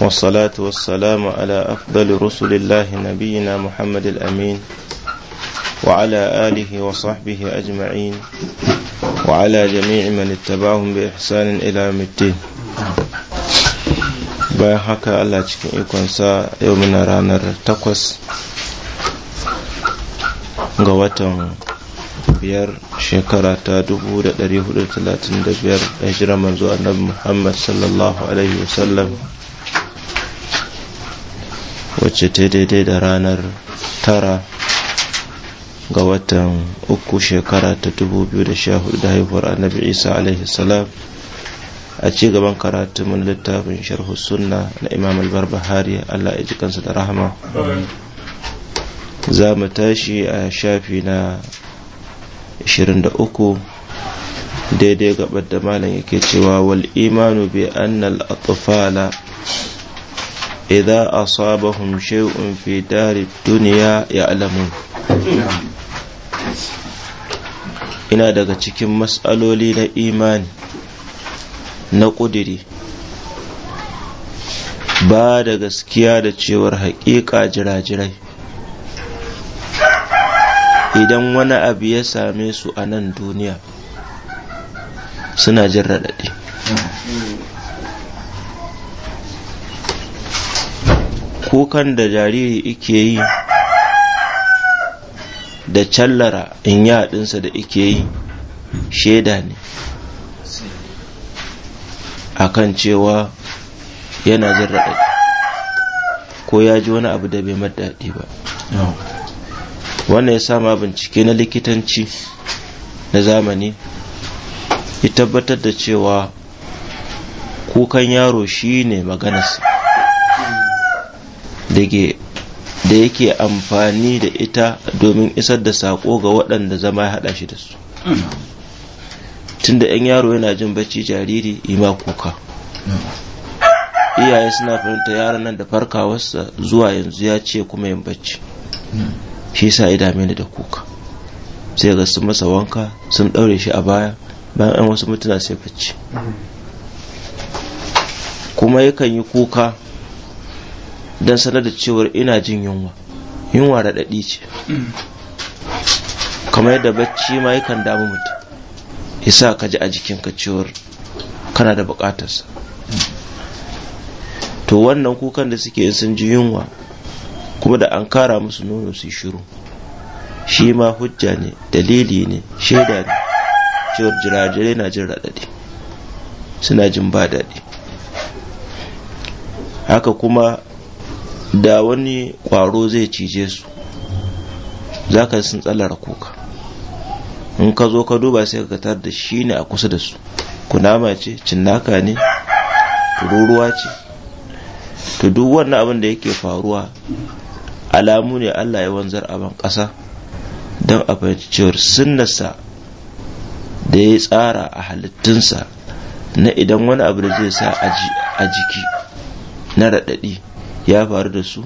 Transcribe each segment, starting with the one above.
والصلاة والسلام على أفضل رسل الله نبينا محمد الأمين وعلى آله وصحبه أجمعين وعلى جميع من اتبعهم بإحسان إلى يوم الدين بين حكى يكون سا يومنا رانا التقوس غواتهم بير شكرا تادبو لدريه لتلاتين دبير هجرة منذ النبي محمد صلى الله عليه وسلم wacce ta daidai da ranar tara ga watan uku shekara ta 2014 da haihuwar annabi isa alaihi salam a cigaban gaban mun littafin sharhu sunna na imam albar bahari allah ya ji kansa da rahama za mu tashi a shafi na 23 daidai gabar da malam yake cewa wal imanu bi annal atfala idza asabahum shay'un fi dari dunya ya'lamun ina daga cikin matsaloli na imani na ƙudiri ba da gaskiya da cewar haƙiƙa jira-jirai. idan wani abu ya same su a nan duniya suna jin raɗaɗi kukan da jariri ike yi da callara in yaɗinsa da ike yi shaida ne A kan cewa yana jin raɗaɗi ko ya ji wani abu da bai daɗi ba wannan ya sama bincike na likitanci na zamani ya tabbatar da cewa kukan yaro shi ne maganarsa da yake amfani da ita domin isar da sako ga waɗanda zama ya haɗa shi da su tunda yan yaro yana jin bacci jariri ima kuka iyaye suna fahimta yaron nan da farkawarsa zuwa yanzu ya ce kuma yin bacci shi sa ya mini da kuka sai ga sun masa wanka sun ɗaure shi a baya bayan an wasu mutuna sai bacci kuma yakan yi kuka don sanar da cewar ina jin yunwa yunwa da ce kamar yadda bacci ma yakan damu mutum yasa ka ji a jikinka cewar kana da buƙatarsa to wannan kukan da suke in sun ji yunwa kuma da an kara musu nono su shiru shi ma hujja ne dalili ne shaida ne cewar jirajirai na jin raɗaɗi suna jin ba daɗi haka kuma da wani kwaro zai cije su za ka sun tsallara kuka in ka zo ka duba sai ka tar da shi ne a kusa da su kunama ce cinnaka ne tururuwa ce to duk wannan abin da yake faruwa alamu ne allah ya wanzar abin kasa ƙasa don a fahimci cewar sunnarsa da ya tsara a halittunsa na idan wani abu da zai sa a jiki na raɗaɗi ya faru da su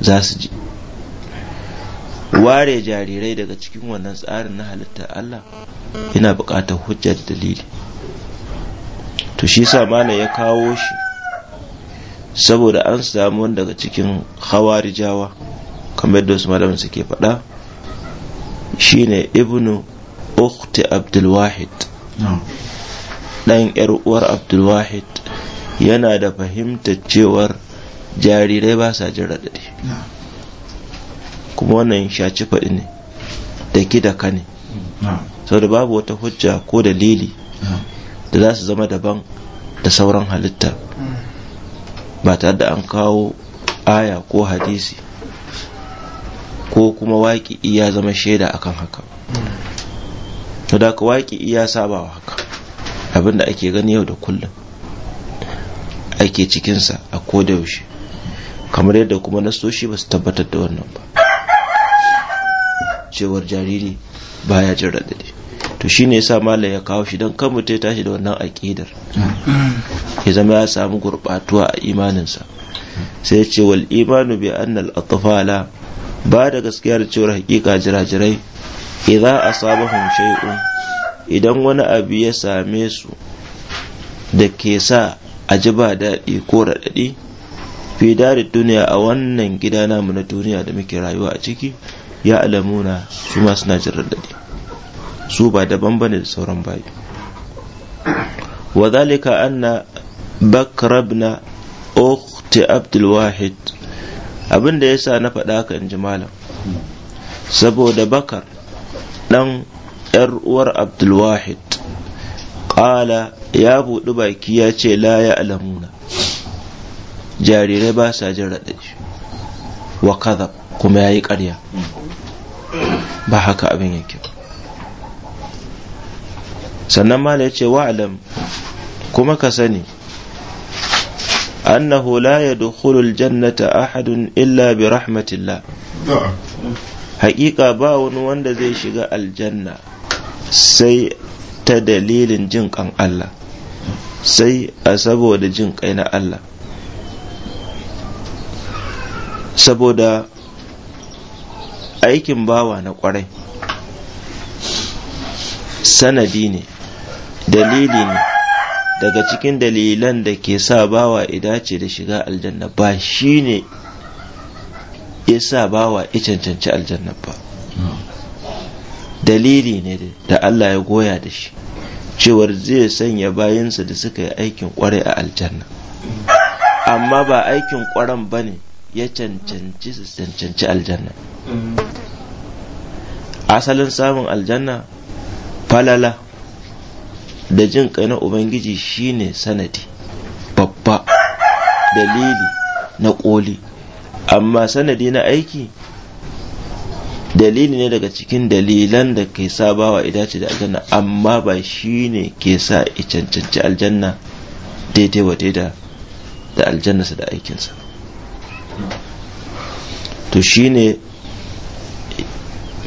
za su ji ware jarirai daga cikin wannan tsarin na halitta Allah yana bukatar hujja da dalili to shi sa ya kawo shi saboda an samu daga cikin hawarijawa kamar yadda wasu malamin suke faɗa shine ibnu ukhti abdulwahid ɗan yar uwar abdulwahid yana da fahimtar cewar jarirai ba sa jin raɗaɗi kuma wannan shaci faɗi ne da ki da ka ne sau da babu wata hujja ko dalili da za su zama daban da sauran halitta ba tare da an kawo aya ko hadisi ko kuma waƙi iya zama shaida akan haka to da ka waƙi iya sabawa haka abinda ake gani yau da kullum ake cikinsa a kodayaushe kamar yadda kuma nasoshi ba su tabbatar da wannan ba cewar jariri baya jin radadi to shi shine sa malam ya kawo shi don kan mutum ya tashi da wannan aƙidar ya zama ya samu gurɓatuwa a imaninsa sai ya ce wal imanu bi an atfala ba da gaskiya da cewar hakika jirajirai a asabahum shay'un idan wani abu ya same su da ke sa a ji ba daɗi ko raɗaɗi fi darid duniya a wannan gida namu na duniya da muke rayuwa a ciki ya alamuna su ma suna jin raɗaɗi su ba daban bane da sauran bayi wa zalika anna bakra ibn ukhti abdul wahid abin da yasa na faɗa ka in ji malam saboda bakar dan yar uwar abdul wahid qala ya buɗi baki ya ce la ya alamuna jarirai ba sa jin raɗaɗi wa kaza kuma ya yi ƙarya ba haka abin yake sannan mala ya ce wa'alam kuma ka sani annahu la yadkhulu jannata ahadun illa bi rahmatillah haƙiƙa ba wani wanda zai shiga aljanna sai ta dalilin jin kan Allah sai a saboda jin kai na Allah saboda aikin bawa na kwarai sanadi ne dalili ne daga cikin dalilan da ke sa bawa idace da shiga aljanna ba shi ne ya sa bawa ya cancanci aljanna ba dalili ne da Allah ya goya da shi cewar zai sanya bayansa da suka yi aikin kwarai a aljanna amma ba aikin kwaran ba ne ya cancanci su cancanci aljanna asalin samun aljanna falala da jin na ubangiji shine sanadi babba dalili na koli. amma sanadi na aiki dalili ne daga cikin dalilan da ke sabawa bawa idace da aljanna amma ba shi ne ke sa i cancanci aljanna daidai wa daida da aljannarsa da aikinsa to shine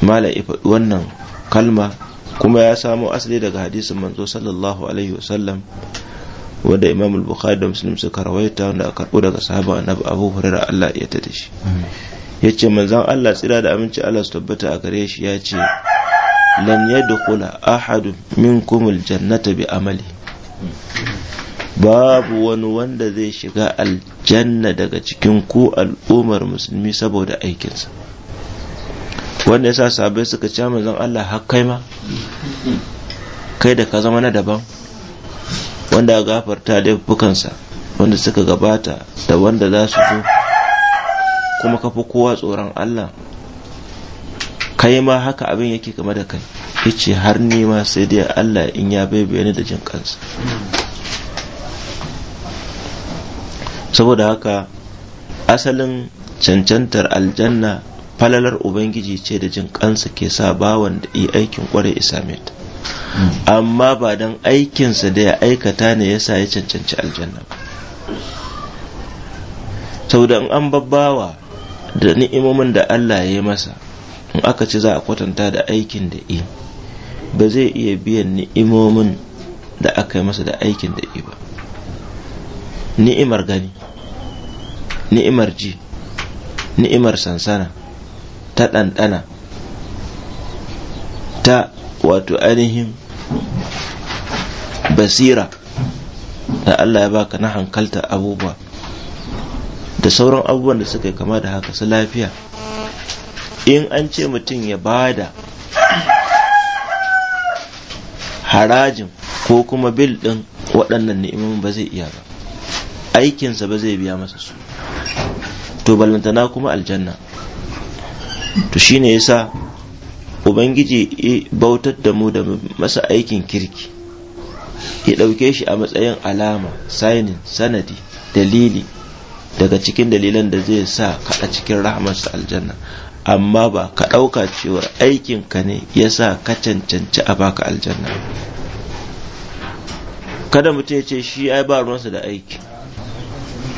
mala wannan kalma kuma ya samo asali daga hadisin manzo sallallahu alaihi wasallam wanda imam al-bukhari da muslim suka rawaita wanda aka karbo daga sahaba annabi abu hurairah Allah ya tada shi yace manzon Allah tsira da aminci Allah su tabbata a gare shi ya yace lan yadkhula ahadun minkum al-jannata bi amali babu wani wanda zai shiga aljanna daga cikin ku al'ummar musulmi saboda aikinsa wanda yasa sabai suka ce manzon Allah har kai ma kai da ka zama na daban wanda ya gafarta sa wanda suka gabata da wanda za su zo kuma ka kowa tsoron Allah kai ma haka abin yake game da kai yace har nema sai dai Allah in ya bayyana ni da jin kansa saboda haka asalin cancantar aljanna falalar ubangiji ce da jin kansa ke sa bawan da yi aikin kware isa ta amma ba don aikinsa da ya aikata ne ya sa ya cancanci aljanna ba saboda in an babbawa da ni'imomin da Allah ya yi masa in aka ci za a kwatanta da aikin da yi ba zai iya biyan ni'imomin da aka yi masa da aikin da i ba ni'imar gani ni'imar ji ni'imar sansana ta ɗanɗana ta wato ainihin basira da Allah ya baka na hankalta abubuwa da sauran abubuwan da suka yi kama da haka su lafiya in an ce mutum ya ba da harajin ko kuma bil ɗin waɗannan ni'imomin ba zai iya ba aikinsa ba zai biya masa su to balantana kuma aljanna to shine yasa ubangiji ya bautar da mu da masa aikin kirki ya ɗauke shi a matsayin alama sainin sanadi dalili daga cikin dalilan da zai sa ka a cikin rahmarsa aljanna amma ba ka ɗauka cewa aikinka ne ya sa ka cancanci a baka aljanna kada mutum ya ce shi ya ba ruwansa da aiki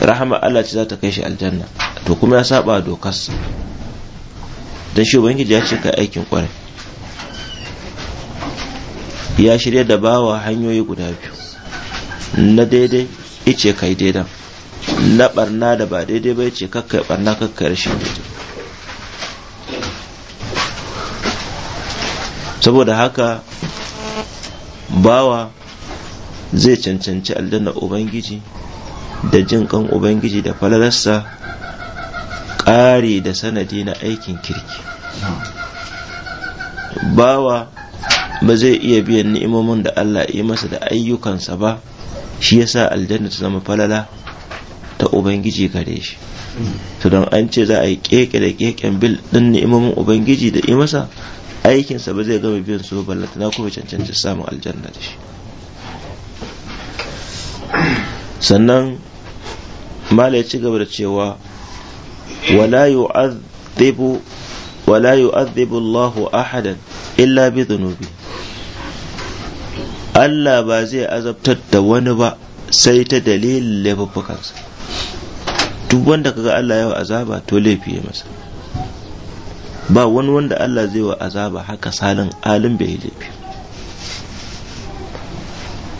rahama Allah ce za ta kai shi aljanna to kuma ya saba dokarsa don shi ubangiji ya ce ka aikin kwarai ya shirya da bawa hanyoyi guda biyu na daidai ice kai daidan na barna da ba daidai bai ce ya barna ya rashin daidai saboda haka bawa zai cancanci aljanna ubangiji da jin kan ubangiji da falalarsa Ƙari da sanadi na aikin kirki bawa ba zai iya biyan ni'imomin da Allah yi masa da ayyukansa ba shi yasa aljanna ta zama falala ta ubangiji gare shi to don an ce za a yi keke da keken bil din ni'imomin ubangiji da yi masa aikinsa ba zai gama biyan su ballata na kuma cancanci samun aljanna da shi sannan mala ya ci gaba da cewa ولا يعذب ولا يعذب الله أحدا إلا بذنوبه Allah ba zai azabtar da wani ba sai ta dalilin laifuffukansa duk wanda kaga Allah yawa azaba to laifi ya masa ba wani wanda Allah zai wa azaba haka salin alim bai laifi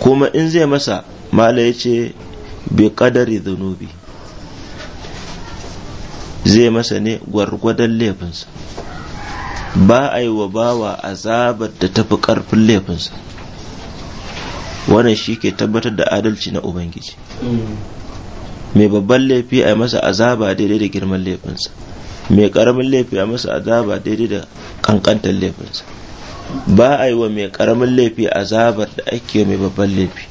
kuma in zai masa mala ya ce bi kadari zunubi zai masa ne gwargwadon laifinsa ba a yi wa bawa azabar da tafi karfin laifinsa wannan shi ke tabbatar da adalci na ubangiji mai babban laifi a yi masa azaba daidai da girman laifinsa mai ƙaramin laifi a masa azaba daidai da kankantar laifinsa ba a yi wa mai karamin laifi azabar da ake mai babban laifi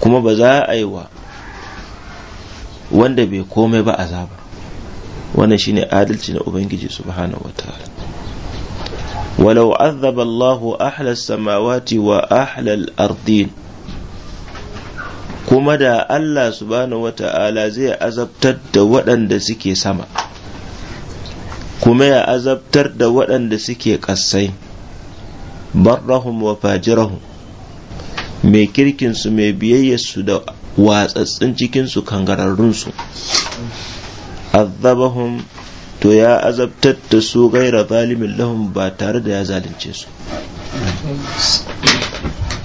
kuma ba za a yi wa wanda bai komai ba azabar. wannan shine adalci na ubangiji subhanahu wataala walau azaba Allahu ahla samawati wa ahla al-ardin kuma da Allah subhanahu wata'ala zai azabtar da waɗanda suke sama kuma ya azabtar da waɗanda suke ƙasai barrahum wa fajirahum mai kirkinsu mai biyayyarsu da watsatsin cikinsu su. azabahum to ya azabtar da su gaira zalimin lahum ba tare da ya zalunce su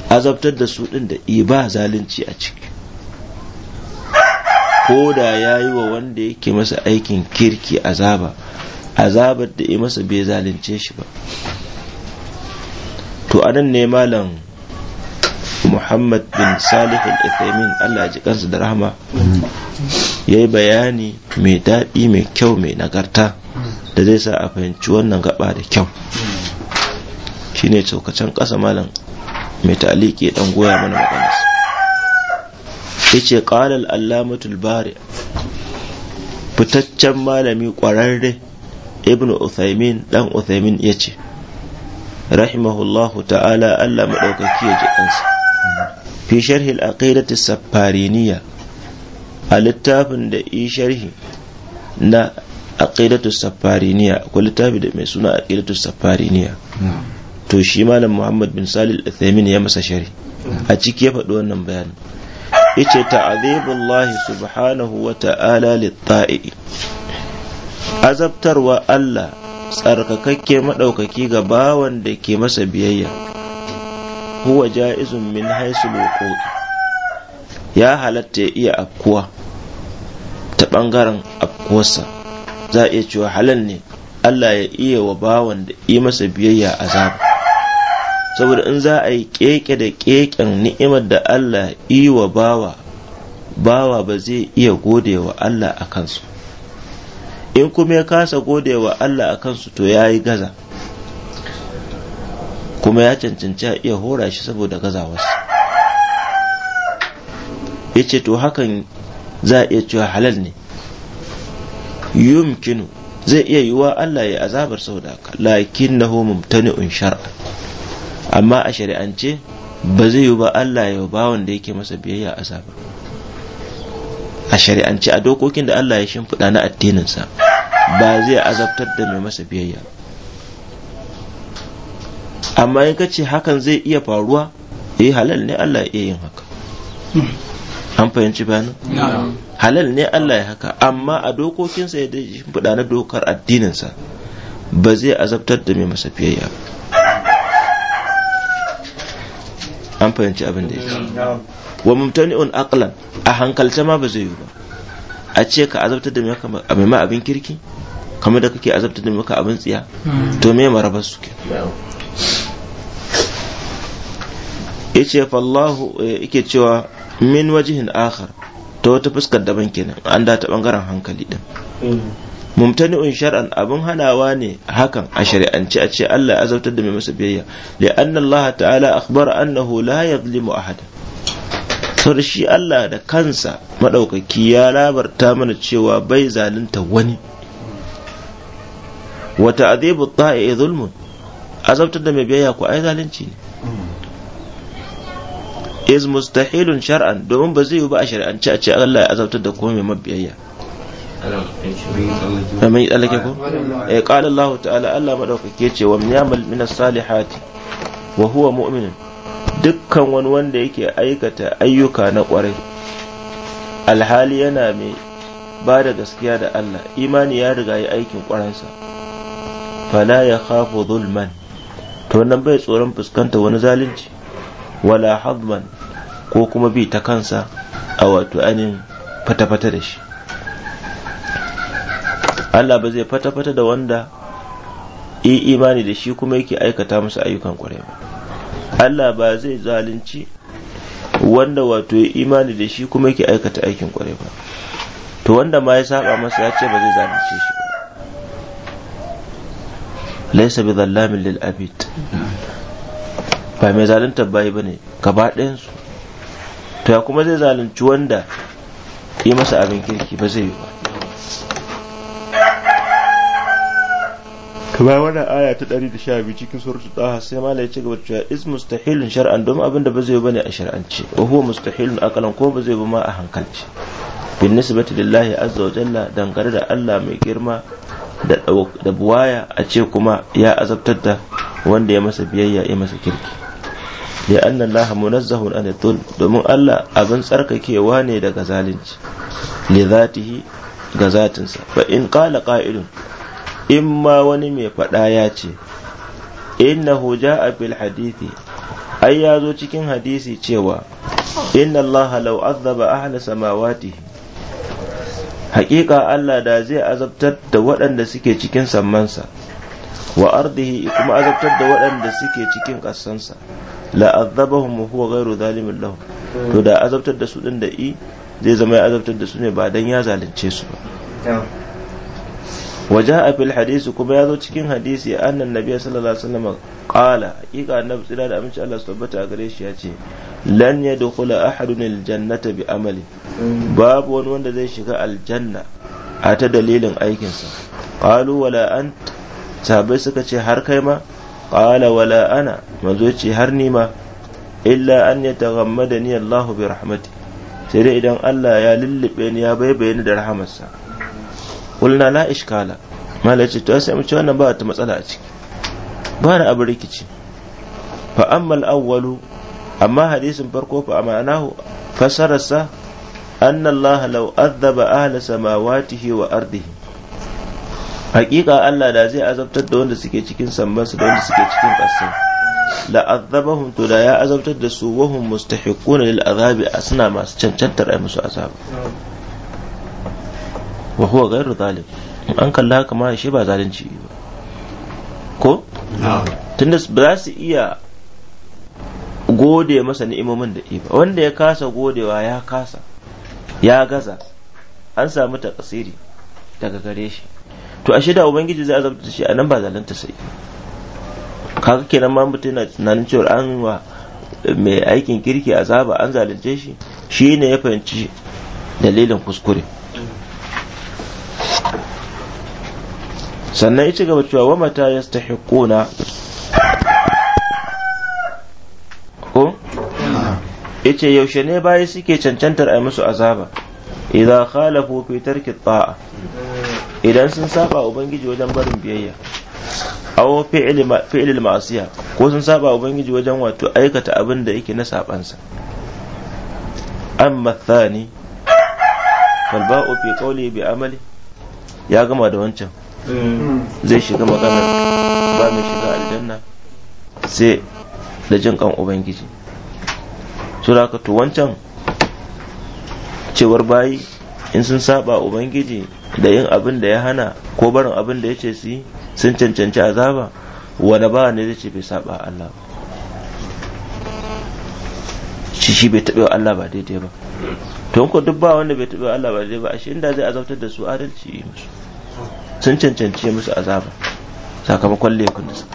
azabtar da su din da ba zalunci a ciki ko da ya yi wa wanda yake masa aikin kirki azaba azabar da ya masa bai zalunce shi ba to anan ne malam muhammad bin salih al allah ji kansa da rahama ya yi bayani mai daɗi mai kyau mai nagarta da zai sa a fahimci wannan gaba da kyau shine tsokacin ƙasa malam mai taliki ɗan goya mana magana. Ya ce ƙalal allamatul bari fitaccen malami ƙwararre Ibn uthaymin ɗan uthaymin yace rahimahullahu ta'ala Allah maɗaukaki ya ji ɗansa fi sharhi al-aqidati a littafin da yi sharhi na aqidatu safariniya ko littafi da mai suna aqidatu safariniya to shi malam muhammad bin salil uthaymin ya masa sharhi. a ciki ya faɗi wannan bayanin yace ta'azibullahi subhanahu wa ta'ala lit-ta'i azabtarwa Allah tsarkakakke madaukaki ga bawan da ke masa biyayya huwa ja'izun min haisu wuqu'i ya halatta ya iya afkuwa ta ɓangaren afkuwarsa za a iya cewa halal ne Allah ya iya wa bawan da yi masa biyayya azaba saboda in za a yi keke da keken ni'imar da Allah yi wa bawa bawa ba zai iya gode wa Allah a kansu in kuma ya kasa gode wa Allah a kansu to ya yi gaza kuma ya cancanci a iya hora shi saboda gazawarsa ya ce to hakan za a iya cewa halal ne yumkinu zai iya yiwuwa Allah ya azabar sau da haka lakin na mumtani'un shar'a amma a shari'ance ba zai yiwu ba Allah ya ba wanda yake masa biyayya azabar a shari'ance a dokokin da Allah ya shimfiɗa na addininsa ba zai azabtar da mai masa biyayya amma in ka ce hakan zai iya faruwa eh halal ne Allah ya iya yin haka hmm. an fahimci bayanin halal ne Allah ya haka amma a dokokinsa ya shimfiɗa na dokar addininsa ba zai azabtar da mai masa fiyayya an fahimci abin da ya ce wa un aqlan a hankalce ma ba zai yi ba a ce ka azabtar da mai ma abin kirki kamar da kake azabtar da maka abin tsiya to me marabar su ke yace fallahu eh, yake cewa min wajihin akhar ta wata fuskar daban kenan an da ta bangaren hankali din mumtani'un shar'an abin hanawa ne hakan a shari'ance a ce Allah ya azabtar da mai masa biyayya anna Allah ta'ala akhbara annahu la yadhlimu ahada saboda shi Allah da kansa madaukaki ya labarta mana cewa bai zalunta wani wa ta'dhibu ta'i zulmun azabtar da mai biyayya ko ai zalunci ne is mustahilun shar'an domin ba zai yi ba a shari'ance a ce Allah ya azabtar da kuma mai mabiyayya mai tsallake ko eh qala Allah ta'ala Allah madaukake ce wa yamal min salihati wa huwa mu'min dukkan wani wanda yake aikata ayyuka na kwarai alhali yana mai ba da gaskiya da Allah imani ya riga ya aikin kwaransa fala ya khafu zulman to nan bai tsoron fuskanta wani zalunci wala hadman ko kuma bi ta kansa a wato anin fata-fata da shi Allah ba zai fata-fata da wanda yi imani da shi kuma yake aikata musu ayyukan kwarai ba Allah ba zai zalunci wanda wato yi imani da shi kuma yake aikata aikin kwarai ba to wanda ma ya saba masa ya ce ba zai zalunce shi ba laisa bi zallamin lil abid ba mai zalunta bayi bane gaba ɗayansu to ya kuma zai zalunci wanda yi masa abin kirki ba zai yi ba kamar wannan aya ta 112 cikin suratul taha sai mala ya ci gaba cewa is mustahilun shar'an domin abin da ba zai yi bane a shar'ance wa huwa mustahilun akalan ko ba zai yi ma a hankalci bin nisbati lillahi azza wa jalla dangare da Allah mai girma da buwaya a ce kuma ya azabtar da wanda ya masa biyayya ya masa kirki ya anna allaha munazzahun an domin Allah abin tsarkakewa ne daga zalunci li zatihi ga zatinsa fa in qala qa'ilun in ma wani mai faɗa ya ce innahu ja'a fil hadithi ai ya zo cikin hadisi cewa inna allaha law azzaba ahla samawatihi haƙiƙa Allah da zai azabtar da waɗanda suke cikin sammansa wa ardihi kuma azabtar da waɗanda suke cikin ƙasansa. azabahum wa huwa ghairu zalimin lahum to da azabtar da su din da i zai zama ya azabtar da su ne ba dan ya zalunce su ba fil hadisi kuma ya zo cikin hadisi أن sallallahu alaihi wasallam qala hakika قال tsira da amince Allah subhanahu wa الله سبحانه وتعالى yace lan yadkhula ahadun jannata bi amali mm. babu wani wanda zai shiga aljanna a ta dalilin aikinsa qalu wala an sahabbai suka ce har kai ma qala wala ana manzo ce har ni ma illa an yataghammadani Allah bi rahmati sai dai idan Allah ya lulluɓe, ni ya bai ni da rahamarsa qulna la ishkala mala ce to sai mu ce wannan ba ta matsala a ciki ba na abu rikici fa ammal awwalu amma hadisin farko fa amanahu fasararsa anna Allah law adhaba ahla samawatihi wa ardihi hakika Allah da zai azabtar da wanda suke cikin sambansa da wanda suke cikin ƙasai la azabahum to da ya azabtar da su wahum mustahiquna lil azabi a suna masu cancantar ai musu azab wa huwa ghairu zalim an kalla haka ma shi ba zalunci ba ko tunda ba za su iya gode masa ni'imomin da ba wanda ya kasa godewa ya kasa ya gaza an samu takasiri daga gare shi to a shida, ubangiji zai azabta shi a nan ba zalunta sai kaga kenan ma mutum yana tunanin cewa an wa mai aikin kirki azaba an zalunce shi shi ne ya fahimci dalilin kuskure sannan ya ci gaba cewa wa mata yastahiquna ko yace yaushe ne bayi suke cancantar a musu azaba idan khalafu fi tarki ta'a idan sun saba ubangiji wajen barin biyayya awo fi'lil ma'asiya ko sun saba ubangiji wajen wato aikata abin da yake na sabansa amma thani fal ba'u fi qawli bi amali ya gama da wancan zai shiga magana ba mai shiga aljanna sai da jin kan ubangiji sura to wancan cewar bayi in sun saba ubangiji da yin abin da ya hana ko barin abin da ya ce su sun cancanci azaba wani ba ne zai ce bai saba Allah shi shi bai taɓa Allah ba daidai ba to ko duk ba wanda bai taɓa Allah ba daidai ba shi inda zai azabtar da su adalci musu sun cancanci musu azaba sakamakon laifin da su.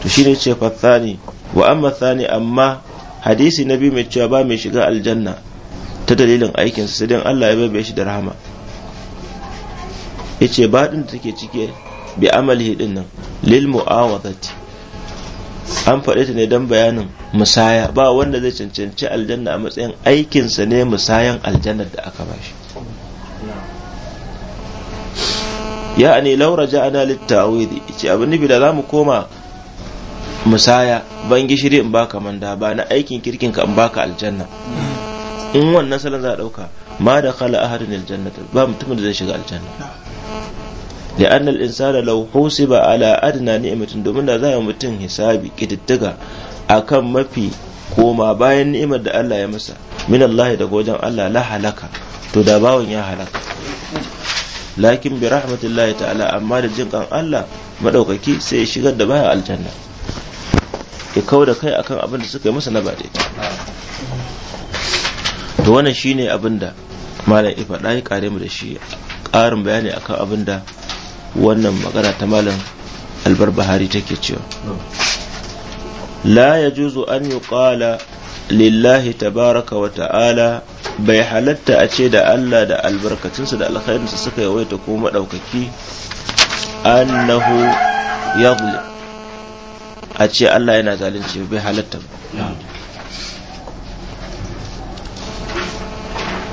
to shine ce fatsani wa amma tsani amma hadisi na biyu mai cewa ba mai shiga aljanna ta dalilin aikinsa sai dan Allah ya bai shi da rahama yace baɗin da take cike bi amalihi din nan lil mu'awadati an faɗe ta ne dan bayanin musaya ba wanda zai cancanci aljanna a matsayin aikinsa ne musayan aljannar da aka bashi ya'ani laura ja'ana littawidi ce abin nufi da zamu koma musaya ban gishiri in baka manda ba na aikin kirkin ka in baka aljanna in wannan salon za a dauka ma da khala ahadun aljannata ba mutumin da zai shiga aljanna da لأن الإنسان ba حوسب على na نعمة domin da za a mutum hisabi kididdiga akan mafi koma bayan ni'imar da Allah ya masa min Allah daga wajen Allah la halaka to da bawan ya halaka lakin bi rahmatillahi ta'ala amma da jin kan Allah madaukaki sai ya shigar da baya aljanna ya kawo da kai akan abin da suka yi masa na ba daidai to wannan shine abin da malam ifa da ya kare mu da shi ƙarin bayani akan abin da wannan magana ta malam albar bahari take cewa la yajuzu an yuqala lillahi tabaraka wa ta'ala bai halatta a ce da Allah da albarkacinsa da alkhairinsa suka yawaita ko madaukaki. annahu yaghlib a ce Allah yana zalunci bai halatta ba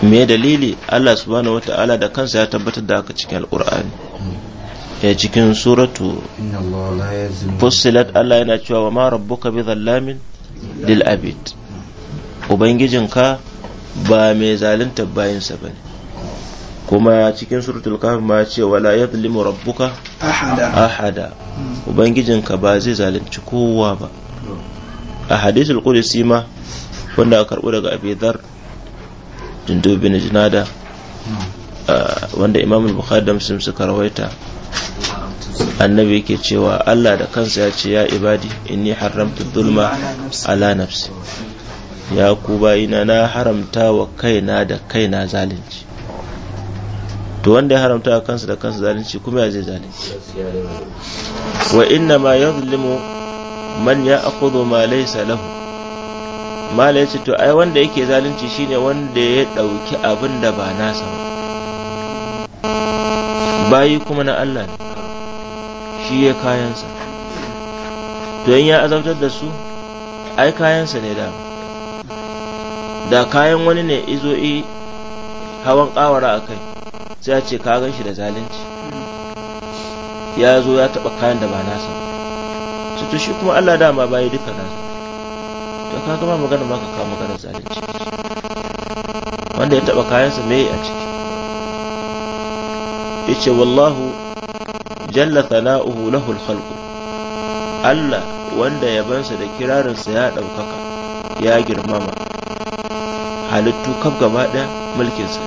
me dalili Allah subhanahu ta'ala da kansa ya tabbatar da haka cikin alkur'ani ya eh, cikin suratu fussilat Allah yana cewa wa ma rabbuka bi zallamin lil abid ubangijinka ba mai zalunta bayansa ba ne kuma cikin suratul kahf ma ce wala yadhlimu rabbuka ahada ubangijinka ba zai zalunci kowa ba a hadisul qudsi ma wanda aka karbo daga abidar jindobi na jinada, hmm. ah, wanda imam bukhari da muslim suka rawaita annabi yake cewa Allah da kansa ya ce ya ibadi inni haramtu zulma ala nafsi ya ku bayina na haramta wa kaina da kaina zalunci to wanda ya haramta wa kansa da kansa zalunci kuma ya zai zalunci wa inna ma yadhlimu man ya'khudhu ma laysa lahu mala ya ce to ai wanda yake zalunci shine wanda ya ɗauki abin da ba nasa ba bayi kuma na Allah ne shi ya kayansa to in ya azabtar da su ai kayansa ne da da kayan wani ne izo i hawan kawara a kai sai ya ce ka gan shi da zalunci ya zo ya taɓa kayan da ba nasa to shi kuma Allah dama bayi duka nasa to kaka ba magana ma ka kama magana zalunci wanda ya taba kayansa mai a ciki Ice wallahu jalla thala'uhu lahu al Allah wanda ya bansa da kirarinsa ya ɗaukaka ya girmama halittu kaf gaba ɗaya mulkinsa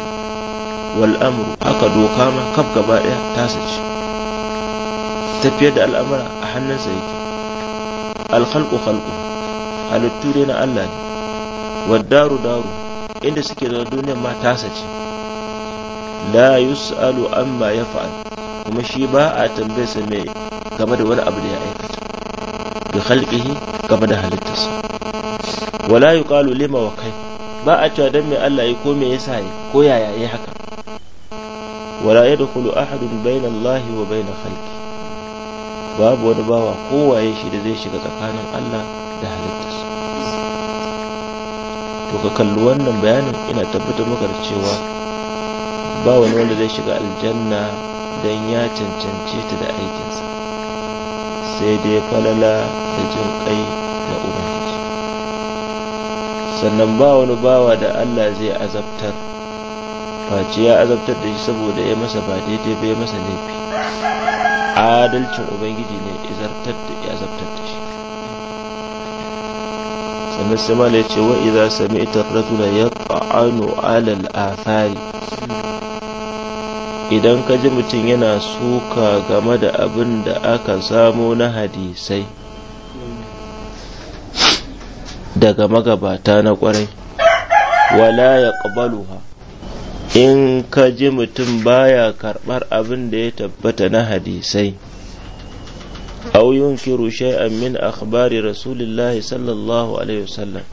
wal'amuru haka doka ma kaf gaba ɗaya tasa ce tafiyar da al'amura a hannunsa yake al-khalqu khalqu halittu dai na Allah ne waddaru daru inda suke zaune duniyar ma tasa ce la yus'alu amma ya fa'al kuma shi ba a tambayarsa mai game da wani abu da ya aikata bi khalqihi game da halittarsa wala yuqalu lima wa kai ba a cewa dan mai Allah yi ko me yasa yi ko yaya yi haka wala yadkhulu ahadun bayna Allah wa bayna khalqi babu wani bawa kowaye shi da zai shiga tsakanin Allah da su. to ka kalli wannan bayanin ina tabbatar maka da cewa ba wani wanda zai shiga aljanna don ya cancance ta da aikinsa sai dai falala da jin kai na ubangiji sannan ba wani bawa da allah zai azabtar face ya azabtar da shi saboda ya masa ba daidai ba ya masa laifi adalcin ubangiji ne izartar da ya azabtar da shi sannan sai mala ya ce wa idza sami'ta rajula yat'anu 'ala al-athari idan ka ji mutum yana suka game da abin da aka samo na hadisai daga magabata na kwarai wala ya in ka ji mutum baya karɓar abin da ya tabbata na hadisai أو ينكر شيئا من أخبار رسول الله صلى الله عليه وسلم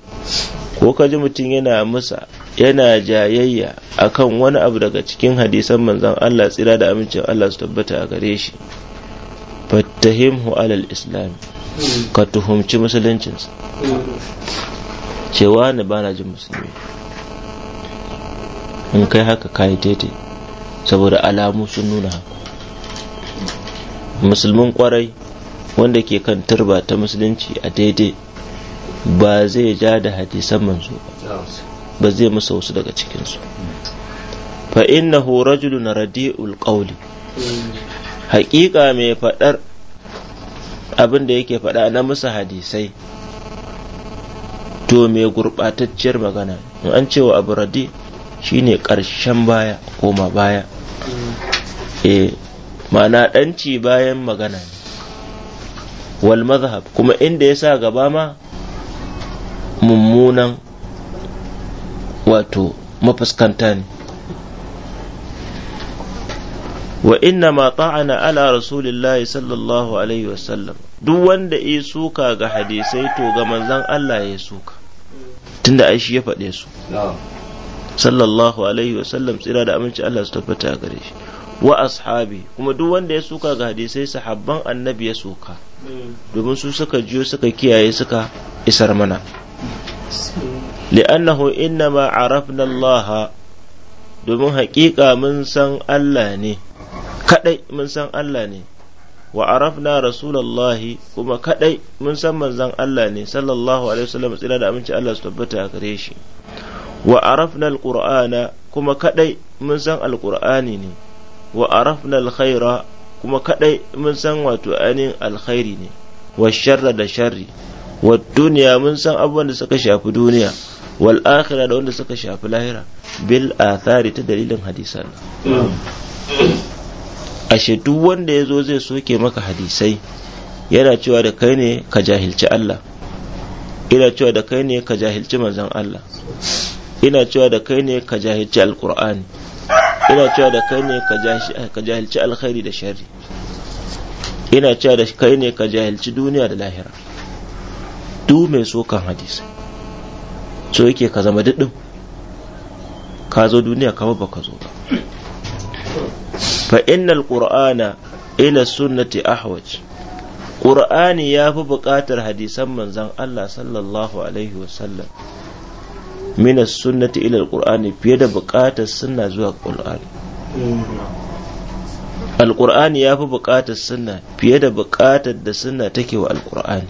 ko ka ji mutum yana musa yana jayayya akan wani abu daga cikin hadisan manzon Allah tsira da amincin Allah su tabbata a gare shi fattahimhu alal islam ka tuhumci musuluncinsa cewa ni bana jin musulmi in kai haka kayi tete saboda alamu sun nuna musulmin kwarai wanda ke kan turba ta musulunci a daidai ba zai ja da hadisan manzo ba zai musa wasu daga cikinsu fa innahu rajulun radi'ul qawli haƙiƙa mai faɗar abin da yake faɗa na musa hadisai to mai gurɓatacciyar magana in an cewa abu radi shine ƙarshen baya koma baya e ma'ana ɗanci bayan magana ne wal mazhab kuma inda ya sa gaba ma mummunan wato mafuskanta ne wa inna ma ta'ana ala rasulillahi sallallahu alaihi sallam, duk wanda ya suka ga hadisai to ga manzan Allah ya suka tunda ai shi ya faɗe su sallallahu alaihi sallam. tsira da aminci Allah su tabbata gare shi wa ashabi kuma duk wanda ya suka ga hadisai sahabban annabi ya suka domin su suka jiyo suka kiyaye suka isar mana li'annahu innama arafna Allah domin hakika mun san Allah ne kadai mun san Allah ne wa arafna rasulallahi kuma kadai mun san manzon Allah ne sallallahu alaihi wasallam tsira da aminci Allah su tabbata a gare shi wa arafna alqur'ana kuma kadai mun san alqur'ani ne wa arafna alkhaira kuma kadai mun san wato ainihin alkhairi ne wa sharra da sharri wa duniya mun san abubuwan da suka shafi duniya wal akhira da wanda suka shafi lahira bil athari ta dalilin hadisan ashe duk wanda ya zo zai soke maka hadisai yana cewa da kai ne ka jahilci Allah ina cewa da kai ne ka jahilci manzon Allah ina cewa da kai ne ka jahilci alkur'ani ina cewa da kai ne ka jahilci alkhairi da sharri ina cewa da kai ne ka jahilci duniya da lahira duk mai sokan hadisi so yake ka zama diddin ka zo duniya kama ba ka zo ba fa innal qur'ana ila sunnati ahwaj qur'ani ya fi buƙatar hadisan manzon Allah sallallahu alaihi wasallam min sunnati ila alqur'ani fiye da buƙatar sunna zuwa qur'ani alqur'ani ya fi buƙatar sunna fiye da buƙatar da sunna take wa alqur'ani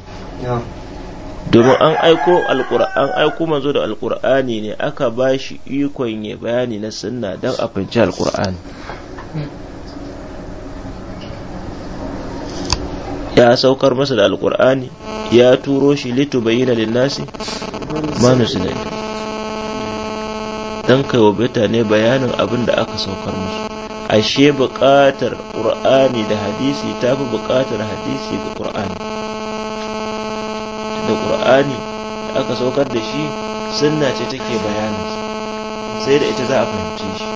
domin an aiko alqur'an aiko manzo da alqur'ani ne aka ba shi ikon ya bayani na sunna don a fahimci alqur'ani ya saukar masa da alqur'ani ya turo shi Litu litubayyana linnasi ma nusilai don kai wa mutane bayanin abin da aka saukar musu ashe buƙatar ƙur'ani da hadisi ta fi buƙatar hadisi da ƙur'ani da ƙur'ani da aka saukar da shi sunna ce take bayanin sai da ita za a fahimce shi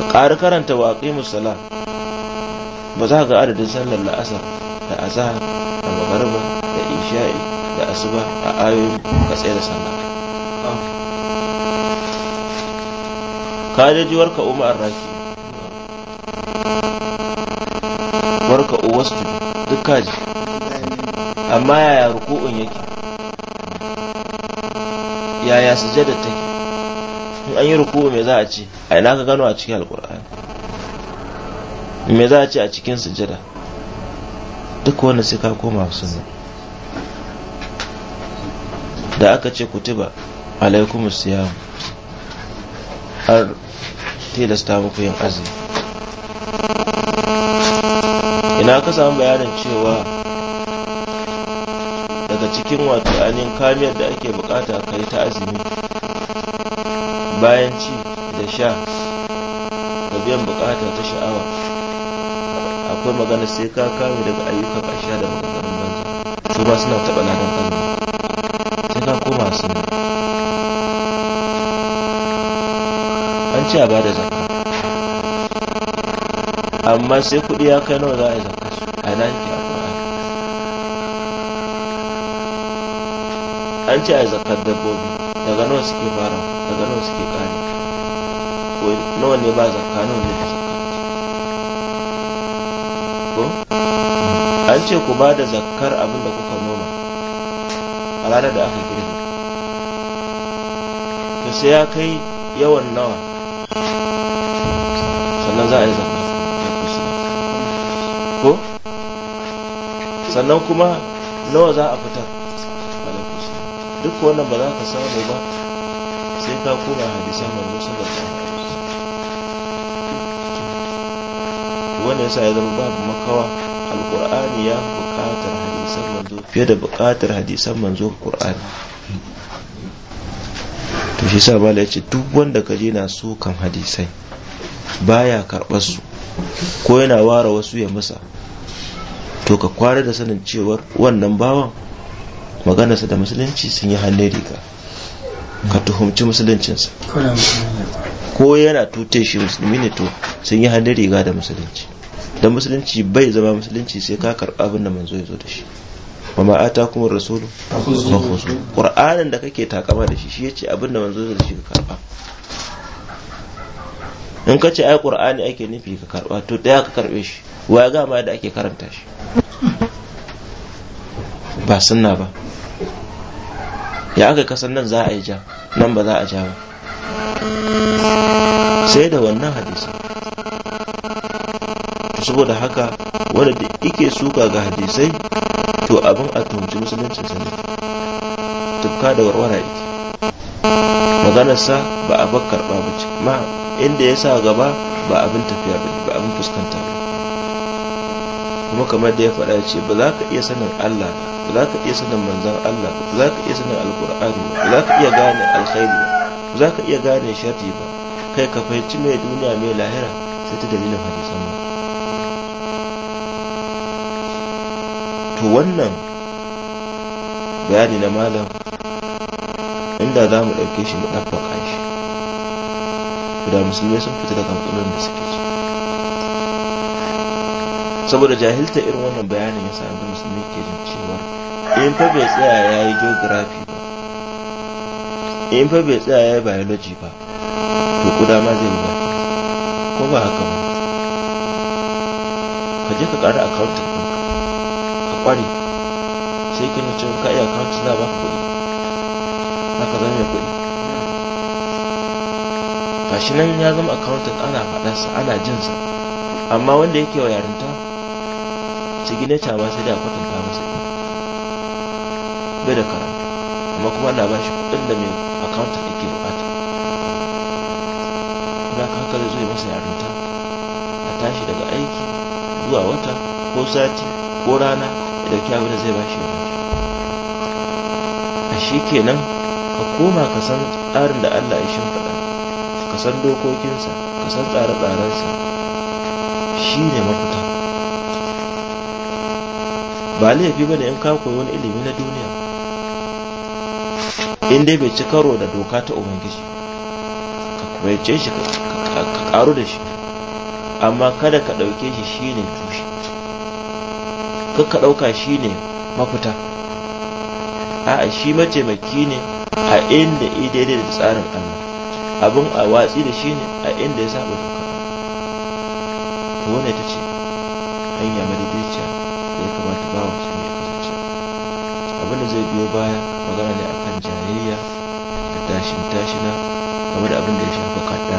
ka ƙari karanta waƙi musala ba za ga adadin sallar la'asar da azahar da magarba da isha'i da asuba a ayoyin ka tsaye da sallah ka je ji warka umu arraki warka uwasu duk kaji amma yaya ruku'un yake yaya da take in an yi ruku'u me za a ce a ina ka gano a cikin alkur'ani me za a ce a cikin sujada duk wanda sai ka koma sunna da aka ce kutuba alaikum siyam har tilasta muku yin azumi ina ka samu bayanin cewa daga cikin wato ainihin kamiyar da ake bukata kai ta azumi bayan ci da sha da biyan bukata ta sha'awa akwai magana sai ka kame daga ayyukan asha da maganganun banza su ba suna taɓa ladan kalma sai ka koma suna ce a bada zakka amma sai kuɗi ya kai nawa za a yi zakka su a nan ke a an ce a yi zakkar dabbobi daga nawa suke fara daga nawa suke kare ko nawa ne ba zakka nawa ne ba zakka ko an ce ku ba da zakkar abin da kuka noma a ranar da aka girbe to sai ya kai yawan nawa sannan za a yi ko sannan kuma nawa za a fita duk wannan ba za ka samu ba sai ka koma hadisan manzo sallallahu alaihi wasallam wannan yasa ya zama babu makawa alqur'ani ya buƙatar hadisan manzo fiye da buƙatar hadisan manzo qur'ani to shi sa mala yace duk wanda kaje na so kan hadisai baya karɓar su ko yana ware wasu ya masa to ka kware da sanin cewar wannan bawan maganarsa da musulunci sun yi hannun riga ka tuhumci musuluncinsa ko yana tute shi musulmi ne to sun yi hannun riga da musulunci don musulunci bai zama musulunci sai ka karɓa abin da manzo ya zo da shi wa ma ata kuma rasulu ba ku qur'anin da kake takama da shi shi yace abin da manzo ya zo da shi ka karɓa in ka ce ai qur'ani ake nufi ka karba to daya ka karbe shi wa ga ma da ake karanta shi ba sunna ba ya aka kasan nan za a yi ja nan ba za a ja ba sai da wannan hadisi saboda haka wanda da ike suka ga hadisai to abin a tumci musulunci sanin tufka da warwara yake maganarsa ba a bakar ba ce ma inda ya sa gaba ba abin tafiya ba ba abin fuskanta ba kuma kamar da ya faɗa ce ba za ka iya sanin Allah ba za ka iya sanin manzan Allah ba za ka iya sanin alkur'ani ba za ka iya gane alkhairi ba za ka iya gane sharri ba kai ka fahimci mai duniya mai lahira sai ta dalilin hadisan ba to wannan bayani na malam inda za mu ɗauke shi mu ɗabbaka shi da musulmai sun fita daga matsalolin da suke ci. saboda jahilta irin wannan bayanin ya sami musulmi ke jin cewar in fa bai tsaya ya yi geography ba in fa bai tsaya ya yi biology ba to kuda ma zai ba ko ba haka ba ka je ka ƙara akawuntin ka kware sai kina cewa ka iya akawuntin za ba ka kuɗi ka zan yi kuɗi shi nan ya zama accountant ana faɗarsa ana jinsa amma wanda yake wa yarinta signature ba sai da kwatanta masa ne bai da karatu amma kuma ana ba shi kuɗin da mai accountant yake bukata kuma haka zai zo masa yarinta a tashi daga aiki zuwa wata ko sati ko rana da kyawun da zai ba shi ya ba shi a shi kenan ka koma ka san tsarin da Allah ya shimfiɗa ka san dokokinsa ka san tsare-tsarensa shi ne mafita ba laifi ba ne in ka koyi wani ilimi na duniya in dai bai ci karo da doka ta ubangiji ka ce shi ka karu da shi amma kada ka ɗauke shi shi ne tushe ka ɗauka shi ne mafita a'a shi mataimaki ne a inda i daidai da tsarin Allah abin a watsi da shi ne a inda ya saba doka to wannan ta ce hanya madaidaiciya da ya kamata ba wa musulmi ya kasance abin da zai biyo baya magana ne akan jayayya da tashin tashina game da abin da ya shafa kadda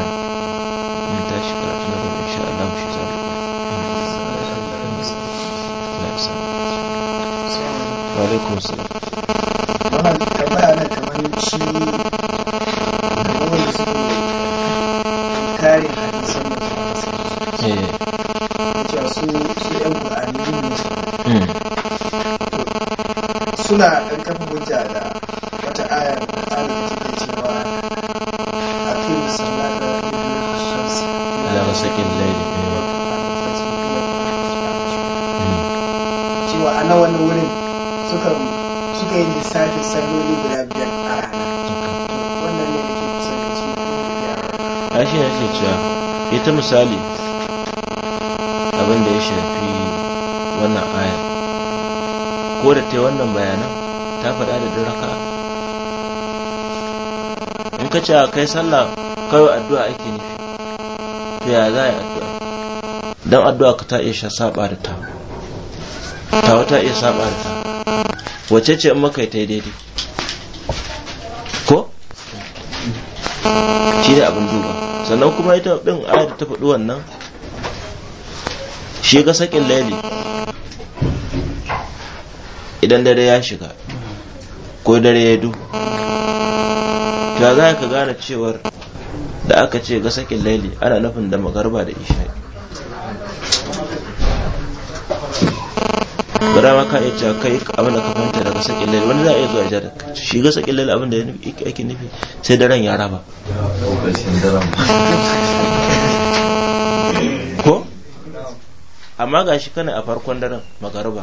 in tashi karatu na gaba insha Allah mu shi zamu Wa alaikum salam. abinci wani yan ne suna ƙarƙar hujja da wata aya da ta ke cewa a fi musamman da cewa a na wani wurin suka yi lissafin salloli guda biyar shi ya ce cewa ita misali abin da ya shafi wannan ayar ko da ta wannan bayanan ta faɗa da diraka in ka ce kai sallah kawai addu'a ake nufi to ya za a yi addu'a don addu'a ka ta iya saba da ta ta wata iya saba da ta wace ce in maka ta yi daidai ko shi ne abin duba sannan kuma ita din ayar ta faɗi wannan shi ga sakin laili idan dare ya shiga ko dare ya duhu ta za ka gane cewar da aka ce ga sakin laili ana nufin da magarba da isha'i bara ma ka iya cewa kai abin da ka fahimta daga sakin lail wani za a iya zuwa jar shi ga sakin lail abin da ake nufi sai daren ya raba ko amma ga shi kana a farkon daren magaruba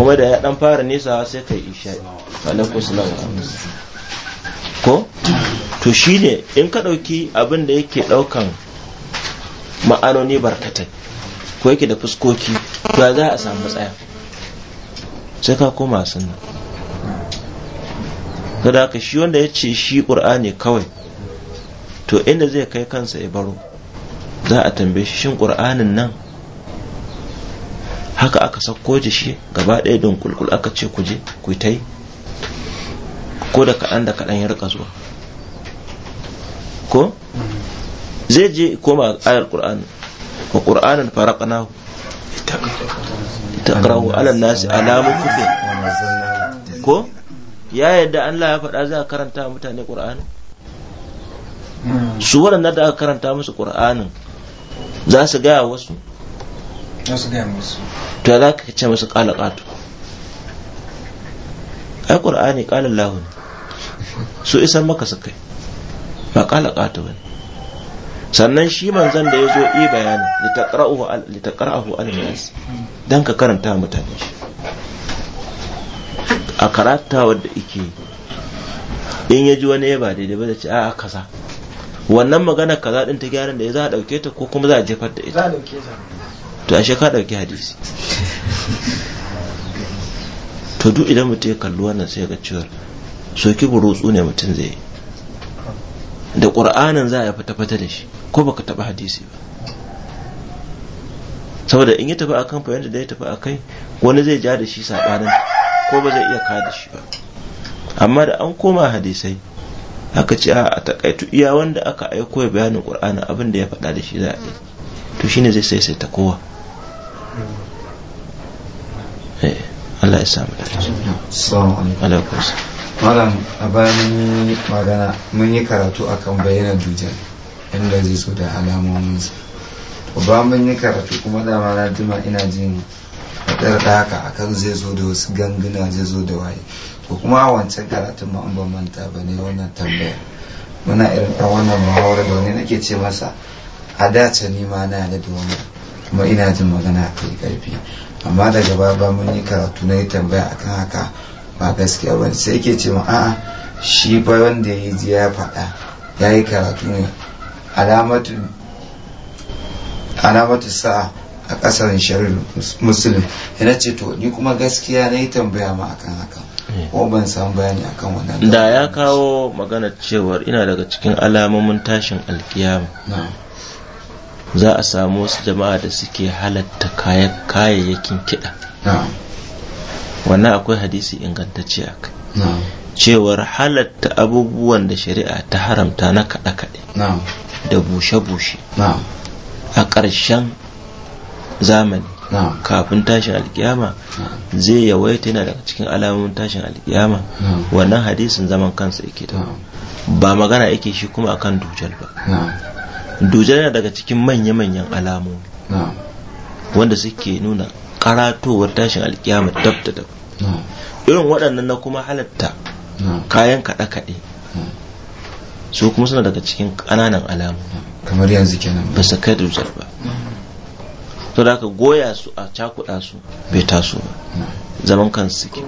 kuma da ya dan fara nisa sai kai isha alaikum salam ko to shine in ka dauki abin da yake daukan ma'anoni barkatai ko yake da fuskoki to za a samu matsaya sai ka koma sunna kada ka shi wanda ya ce shi ƙur'ani kawai to inda zai kai kansa ya baro za a tambaye shi shin ƙur'anin nan haka aka sakko da shi gaba ɗaya don kulkul aka ce ku je ku ta yi ko da kaɗan da kaɗan ya rika zuwa ko zai je koma ayar ƙur'anin wa ƙur'anin faraƙanahu taqra'u 'ala an-nasi alamu kufr ko ya yadda Allah ya faɗa za a karanta mutane Qur'ani su waɗanda da aka karanta musu Qur'anin za su gaya wasu to za ka ce musu ƙala ƙato ai Qur'ani ƙala su isar maka su kai ba ƙala ƙato ba ne sannan shi manzan da ya zo yi bayani litaqra'uhu al-nas dan ka karanta mutane shi a karata wadda ike in ya ji wani ya ba daidai ba da ce a'a kaza wannan magana kaza din ta gyaran da ya za a dauke ta ko kuma za a jefar da ita to ashe ka ɗauki hadisi to duk idan mutum ya kalli wannan sai ga cewa soki burutsu ne mutum zai yi da ƙur'anin za a yi fata da shi ko baka taɓa hadisi ba saboda in ya tafi akan fahimta da ya tafi akai wani zai ja da shi saɓanin ko ba zai iya ka da shi ba amma da an koma hadisai aka ce a takaitu iya wanda aka aiko ya bayanin ƙur'ani abin da ya faɗa da shi za a yi to shine zai saisaita kowa eh, Allah ya malam a bayan magana mun yi karatu akan bayanan dujan inda zai so da alamominsa ba mun yi karatu kuma dama na jima ina jin ɗar da haka kan zai zo da wasu ganguna zai zo da waye to kuma a wancan karatun ma an ban manta ba ne wannan tambaya muna irin ɗan wannan muhawara da wani nake ce masa a dace ni ma na da wani kuma ina jin magana kai karfi amma daga baya ba mun yi karatu na yi tambaya akan haka ba gaskiya ba sai ke ce a'a shi ba wanda ya ji ya faɗa ya yi karatu ne alamatu sa a ƙasar shari'ar musulun yana ce to ni kuma gaskiya na yi tambaya ma akan haka eh. ko ban san bayani akan wannan da ya kawo magana cewar ina daga cikin alamomin tashin alkiyama za a samu wasu jama'a da suke halatta kayayyakin kiɗa wannan akwai hadisi ingantacce a kai cewar halatta abubuwan da shari'a ta haramta na kaɗe-kaɗe da bushe-bushe a ƙarshen zamani kafin tashin alkiyama zai yawaita yana daga cikin alamomin tashin alkiyama wannan hadisin zaman kansa yake da ba magana yake shi kuma akan dujal ba dujal yana daga cikin manya-manyan alamomi wanda suke nuna karatowar tashin alkiyama dab da dab irin waɗannan na kuma halatta kayan kaɗe-kaɗe su kuma suna daga cikin ƙananan alamu kamar yanzu kenan ba su kai da ba to da aka goya su a cakuɗa su bai taso ba zaman kansu suke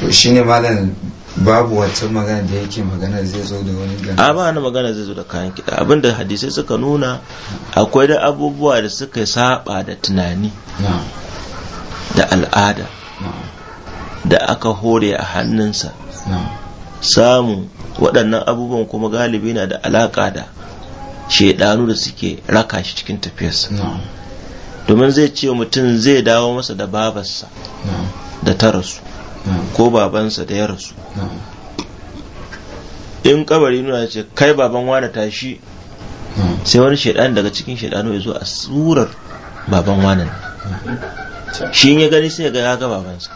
to ne malam babu wata magana da yake magana zai zo da wani gani a ba na magana zai zo da kayan kiɗa abinda hadisai suka nuna akwai da abubuwa da suka saba da tunani da al'ada da aka hore a hannunsa Samu waɗannan abubuwan kuma galibi na da alaƙa da shaidanu da suke raka shi cikin tafiyarsa domin zai ce mutum zai dawo masa da babarsa da ta rasu ko babansa da ya rasu in kabari nuna ce kai baban wane tashi sai wani shaidan daga cikin shaidanu ya zo a surar baban wanan shi ya gani sai ga ya ga babansa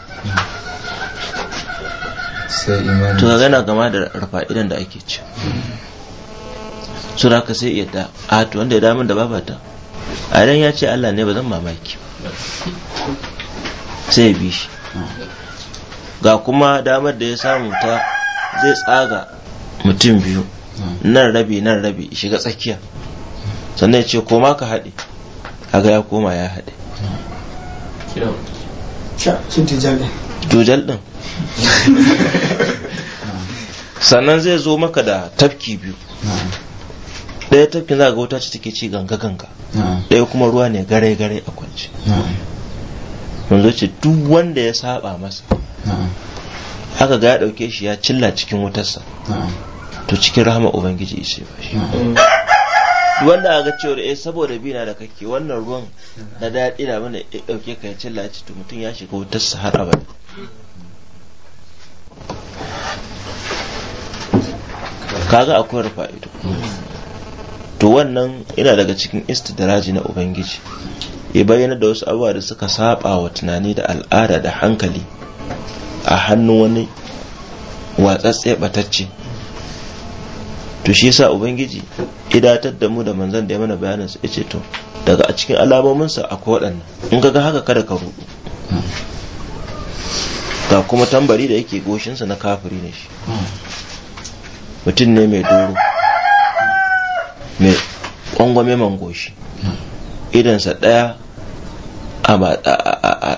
to ga gana gama da rafa idan da ake ci su ka sai yadda a to wanda ya damun da babata a idan ya ce Allah ne ba zan mamaki sai ya bi shi ga kuma damar da ya samu ta zai tsaga mutum biyu nan rabi nan rabi shiga tsakiya sannan ya ce koma ka haɗe kaga ya koma ya haɗe ɗin sannan zai zo maka da tafki biyu ɗaya tafkin za ga wuta ce take ci ganga ganga ɗaya kuma ruwa ne gare gare a kwance yanzu ce duk wanda ya saba masa haka ga ya ɗauke shi ya cilla cikin wutarsa to cikin rahama ubangiji ya ba shi wanda a ga cewar eh saboda bi na da kake wannan ruwan na daɗi na mana ya ɗauke ka ya cilla ci to mutum ya shiga wutarsa har abada kaga akwai rufa ido to wannan ina daga cikin istidraji na ubangiji ya bayyana da wasu abubuwa da suka saba wa tunani da al'ada da hankali a hannu wani watsatsai batacce to shi yasa ubangiji idatar da mu da manzan da ya mana bayanin su yace to daga a cikin alamominsa akwai waɗannan in ka ga haka kada ka ruɗu. ga kuma tambari da yake goshinsa na kafiri ne shi mutum ne mai doro mai kwangwame mangoshi goshi idansa ɗaya a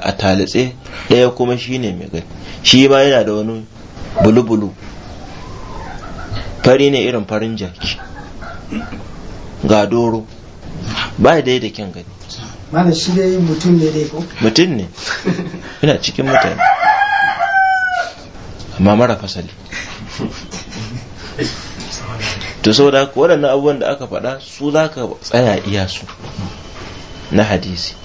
a talitse ɗaya kuma shi ne mai gani shi ma yana da wani bulu-bulu fari ne irin farin jaki ga doro ba dai da kyan gani mana shi dai mutum ne dai ko mutum ne yana cikin mutane amma mara fasali to saboda haka waɗannan abubuwan da aka faɗa su za ka tsaya iya su na hadisi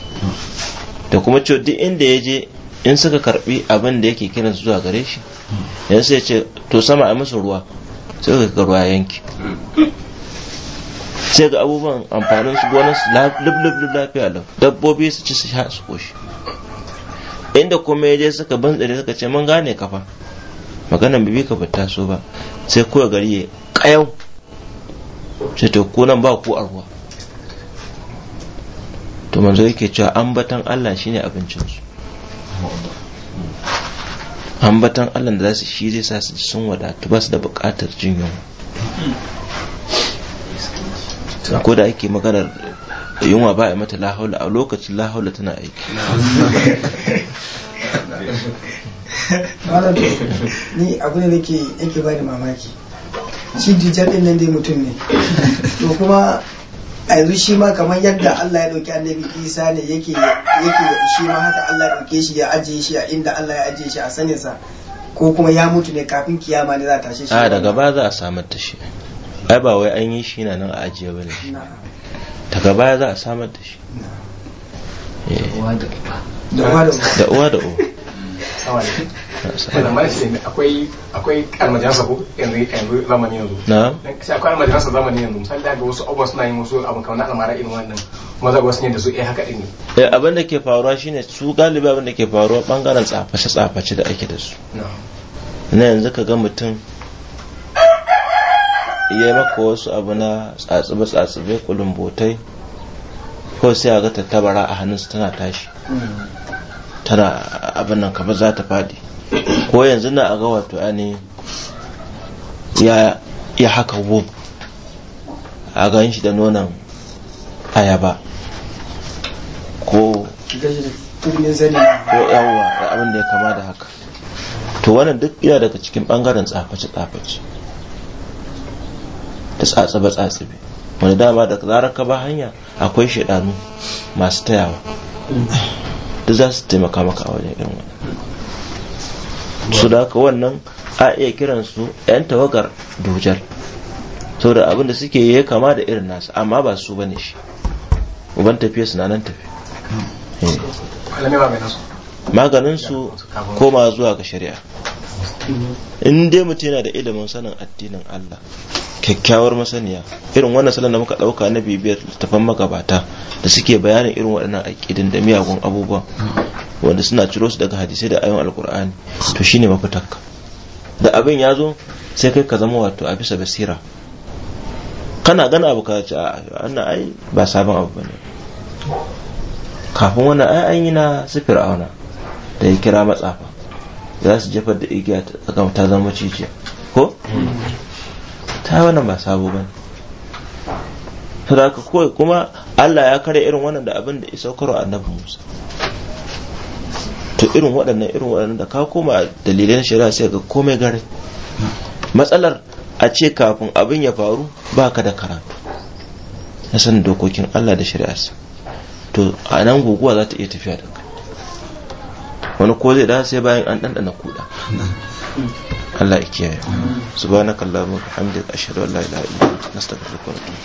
da kuma cewa duk inda ya je in suka karbi abin da yake kiran zuwa gare shi yanzu sai ce to sama a musu ruwa sai ga ruwa yanki sai ga abubuwan amfanin su gonar su lublub lafiya lau dabbobi su ci su sha su koshi inda kuma ya je suka bantsare suka ce mun gane kafa maganan bibi ka fita so ba sai kowa gari ya kayau sai to ko ba ku a ruwa to manzo yake cewa ambatan Allah shine abincinsu ambatan Allah da zasu shi zai sa su sun wadatu ba su da buƙatar jin yunwa ko da ake maganar yunwa ba a mata lahaula a lokacin lahaula tana aiki malam ni abu ne nake ba da mamaki shi dijjal din nan dai mutum ne to kuma a yanzu shi ma kamar yadda Allah ya ɗauki annabi isa ne yake shi ma haka Allah ya ɗauke shi ya ajiye shi a inda Allah ya ajiye shi a sa ko kuma ya mutu ne kafin kiyama ne za a tashi shi a daga ba za a samar da shi ai ba wai an yi shi na nan a ajiye ba ne daga baya za a samar da shi eh. da uwa da uwa da uwa da uwa wannan ma ce akwai akwai almajiransa ko yanzu yanzu zamani yanzu na sai akwai almajiransa zamani yanzu misali da ga wasu abubuwa suna yin wasu abin kamar na almara irin wannan kuma za ga wasu ne da su eh haka din ne eh, abin da ke faruwa shine su galibi abin da ke faruwa bangaren tsaface tsaface da ake da su na yanzu ka ga mutum ya maka wasu abu na tsatsibe tsatsibe kulumbotai ko sai a ga tattabara a hannunsa tana tashi hmm. tara abin nan kafa za ta fadi ko yanzu na a ga wato ani ya ya haka wub a gan shi da nonon ayaba ko ko yawwa da abin da ya kama da haka to wannan duk yana daga cikin bangaren tsafaci-tsafaci ta tsatsabe-tsatsabe wani dama da zarar ka ba hanya akwai shaidanu masu tayawa duk za su taimaka maka a wajen irin wannan su da haka wannan a iya kiransu 'yan tawagar dujal saboda abin da suke yi kama da irin nasu amma ba su bane shi uban tafiya suna nan tafi eh. maganin su koma zuwa ga shari'a in dai mutum yana da ilimin sanin addinin Allah kyakkyawar masaniya irin wannan salon da muka dauka na bibiyar littafan magabata da suke bayanin irin waɗannan aƙidin da miyagun abubuwan wanda suna ciro su daga hadisai da ayon alkur'ani to shine mafitakka da abin ya zo sai kai ka zama wato a bisa basira kana gana abu ka ci a wannan ai ba sabon abu bane kafin wannan ai an yi na sifir auna da ya kira matsafa za su jefar da igiya ta zama macijiya ko ta wannan ba sabo bane saboda kawai kuma Allah ya kare irin wannan da abin da ya saukar annabi Musa to irin waɗannan irin waɗannan da ka koma dalilan shari'a sai ga komai gare matsalar a ce kafin abin ya faru baka da karatu na sanin dokokin Allah da shari'a. to a nan guguwa za ta iya tafiya da wani ko zai dace sai bayan an ɗanɗana kuda Allah ya kiyaye subhanaka allahumma bihamdika ashhadu an la ilaha illa anta astaghfiruka wa atubu